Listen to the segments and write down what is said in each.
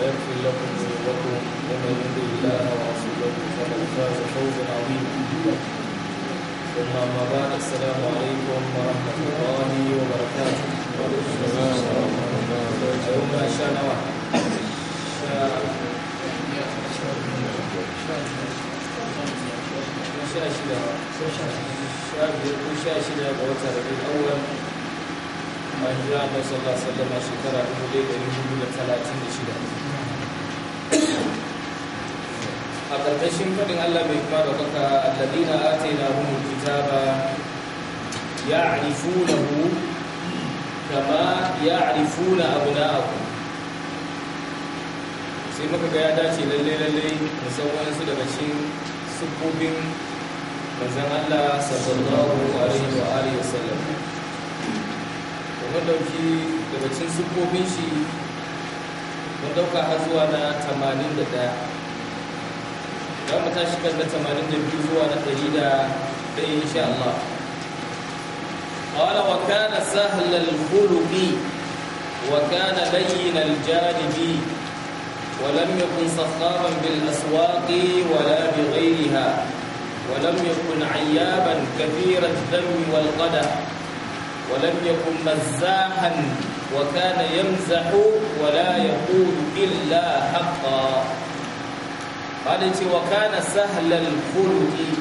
ويغفر لكم ذنوبكم ومن يطع الله ورسوله فقد فاز فوزا عظيما ثم ما بعد السلام عليكم ورحمه الله وبركاته السلام ورحمه الله وبركاته يوم شان واحد شاشة شاشة شاشة شاشة شاشة شاشة majira annabi sallallahu alaihi wasallam shekara 1436 a ƙarƙashin faɗin Allah mai kuma da kaka alladina atayna humul kitaba ya'rifunahu kama na abu. sai muka ga ya dace lalle lalle musamman su daga cikin sufofin manzon Allah sallallahu alaihi wa alihi wasallam ɗauki daga cin siffofin shi don ɗauka har zuwa na 81 za mu tashi kan na 82 zuwa na 100 insha Allah ƙwada wa kana sahalar hulubi wa kana layinar jaribi ولم يكن صخابا بالاسواق ولا بغيرها ولم يكن عيابا كثير الذم والقدر ولم يكن مزاحا وكان يمزح ولا يقول الا حقا قال وكان سهل الخلق النبي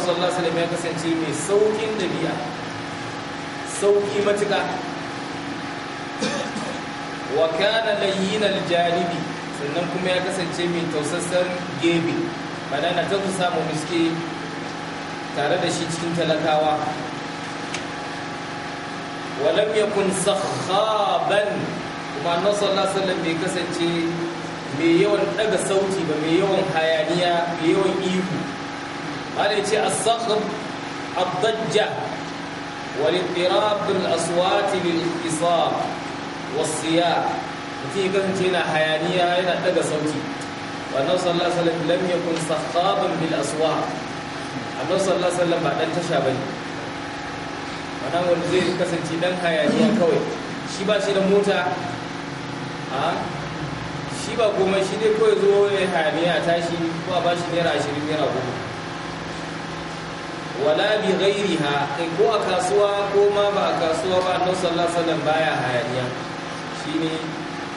صلى الله عليه وسلم يكسنتي من سوق النبي سوق متكا وكان لين الجانب sannan kuma ya kasance mai tausassar gebe mana na ta samu miski tare da shi cikin talakawa walam yakun sakhaban kuma annabi sallallahu alaihi wasallam bai kasance mai yawan daga sauti ba mai yawan hayaniya mai yawan ihu bada ce as-sakhr ad-dajja wal-inqirab al-aswat lil-isab was-siyah mutum kasance yana hayaniya yana daga sauti wannan sallallahu alaihi wasallam lam yakun sakhaban bil aswaq annabi sallallahu alaihi wasallam ba dan tasha bane wannan wani zai kasance dan hayaniya kawai shi ba shi da mota a shi ba goma shi dai kawai zo ya hayaniya tashi ko a ba shi naira ashirin naira goma wala bi ha, kai ko a kasuwa ko ma ba a kasuwa ba annabi sallallahu alaihi wasallam baya hayaniya shine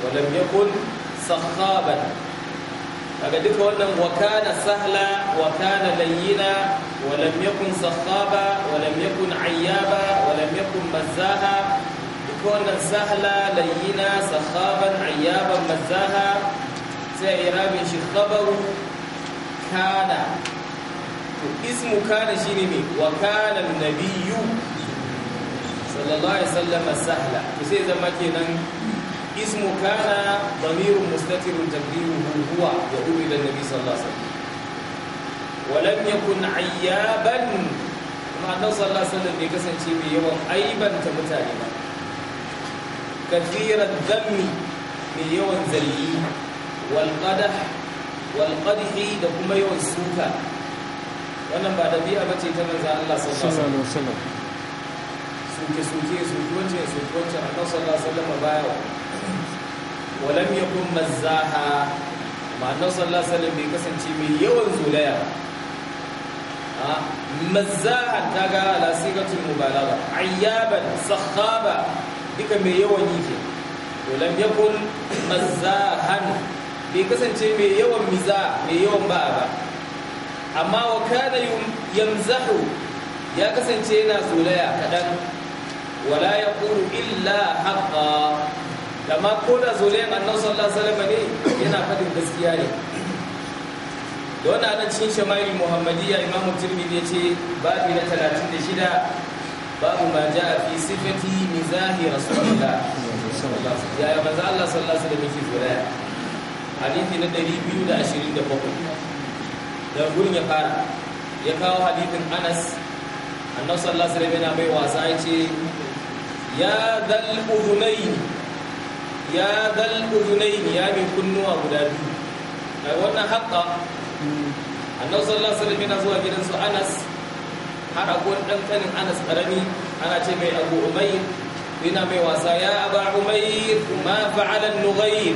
walam yakun sakhaban Daga duka wannan wakana sahla wakana layyina ولم يكن سخابا ولم يكن عيابا ولم يكن مزاها يكون سهلا لينا سخابا عيابا مزاها سيراب شخبر كان اسم كان شنو وكان النبي sallallahu alaihi wasallam sahla to sai zama kenan ismu kana damirun mustatirun taqdiruhu huwa wa ila nabi sallallahu alaihi walam yakun ayyaban kuma annabi sallallahu alaihi wasallam bai kasance mai yawan aibanta mutane ba kathiran dhammi mai yawan zalli wal da kuma yawan suka wannan ba bace ta manzo Allah sallallahu alaihi wasallam suke suke suke wance suke wance annabi sallallahu alaihi wasallam baya walam yakun mazaha ma annabi sallallahu alaihi wasallam bai kasance mai yawan zulaya ba mazahar ta ga ala sigatul mubalagha ayyaban sakhaba duka mai yawan yake to lam yakun mazzahan bai kasance mai yawan miza mai yawan ba ba amma wa kana yamzahu ya kasance yana zolaya kadan wala yaqulu illa haqqan kama ko da zolayan annabi sallallahu alaihi wasallam ne yana fadin gaskiya ne da wani anan cikin shamari muhammadiyya imamu tirmidhi ya ce babi na talatin da shida babu ma ja a fi sifati mizahi rasulullah yaya manzo Allah sallallahu alaihi wasallam yake zuraya hadithi na biyu da ashirin da gurin ya fara ya kawo hadithin Anas annabi sallallahu alaihi wasallam yana bai wasa ce. ya dal udunaini ya dal udunaini ya bi kunnuwa guda biyu wannan haƙa annabi sallallahu alaihi wasallam yana zuwa gidan su Anas har akwai dan kanin Anas karami ana ce mai Abu Umayr yana mai wasa ya Abu Umayr ma fa'ala an-nughayr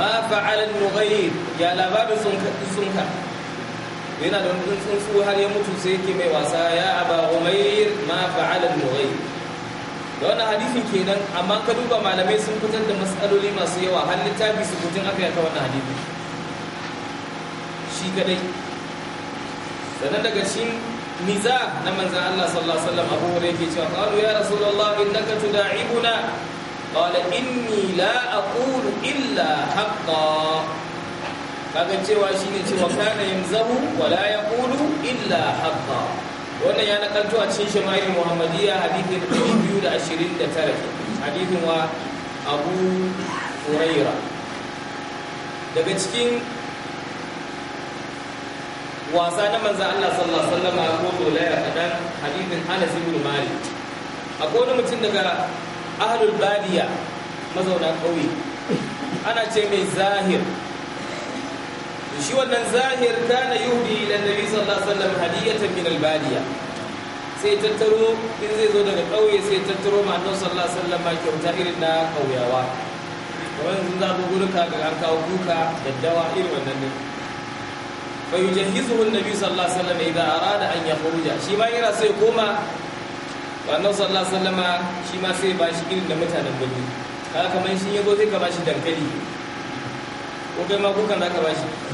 ma fa'ala an-nughayr ya labarin sun sunka yana da wani tsuntsu har ya mutu sai yake mai wasa ya Abu Umayr ma fa'ala an-nughayr da wannan hadisin kenan amma ka duba malamai sun fitar da mas'aloli masu yawa har littafi su gudun aka yaka wannan hadisin shi kadai sannan daga cikin niza na manzan Allah sallallahu alaihi wasallam Abu Hurairah yake cewa qalu ya rasulullah innaka tuda'ibuna qala inni la aqulu illa haqqan kaga cewa shine cewa kana yamzahu wa la yaqulu illa haqqan wannan ya nakanto a cikin shama'il muhammadiyya hadithin 229 hadithin wa Abu Hurairah daga cikin wasa na manzan Allah sallallahu alaihi wasallam ko a kadan hadithin Anas ibn Malik akwai wani mutum daga ahlul badiya mazauna ƙauye ana ce mai zahir shi wannan zahir ta kana yuhdi ila nabi sallallahu alaihi wasallam hadiyatan min al sai tattaro in zai zo daga ƙauye sai tattaro ma annabi sallallahu alaihi wasallam kyauta irin na ƙauyawa kamar yanzu za ku guruka ga an kawo duka daddawa irin wannan ne fa yujahhizuhu an-nabi sallallahu alaihi wasallam idan arada an faruja shi ma yana sai koma wannan sallallahu alaihi shi ma sai ba shi irin da mutanen gari kaga kamar shi yazo sai ka ba shi dankali ko kai ma kukan zaka ba shi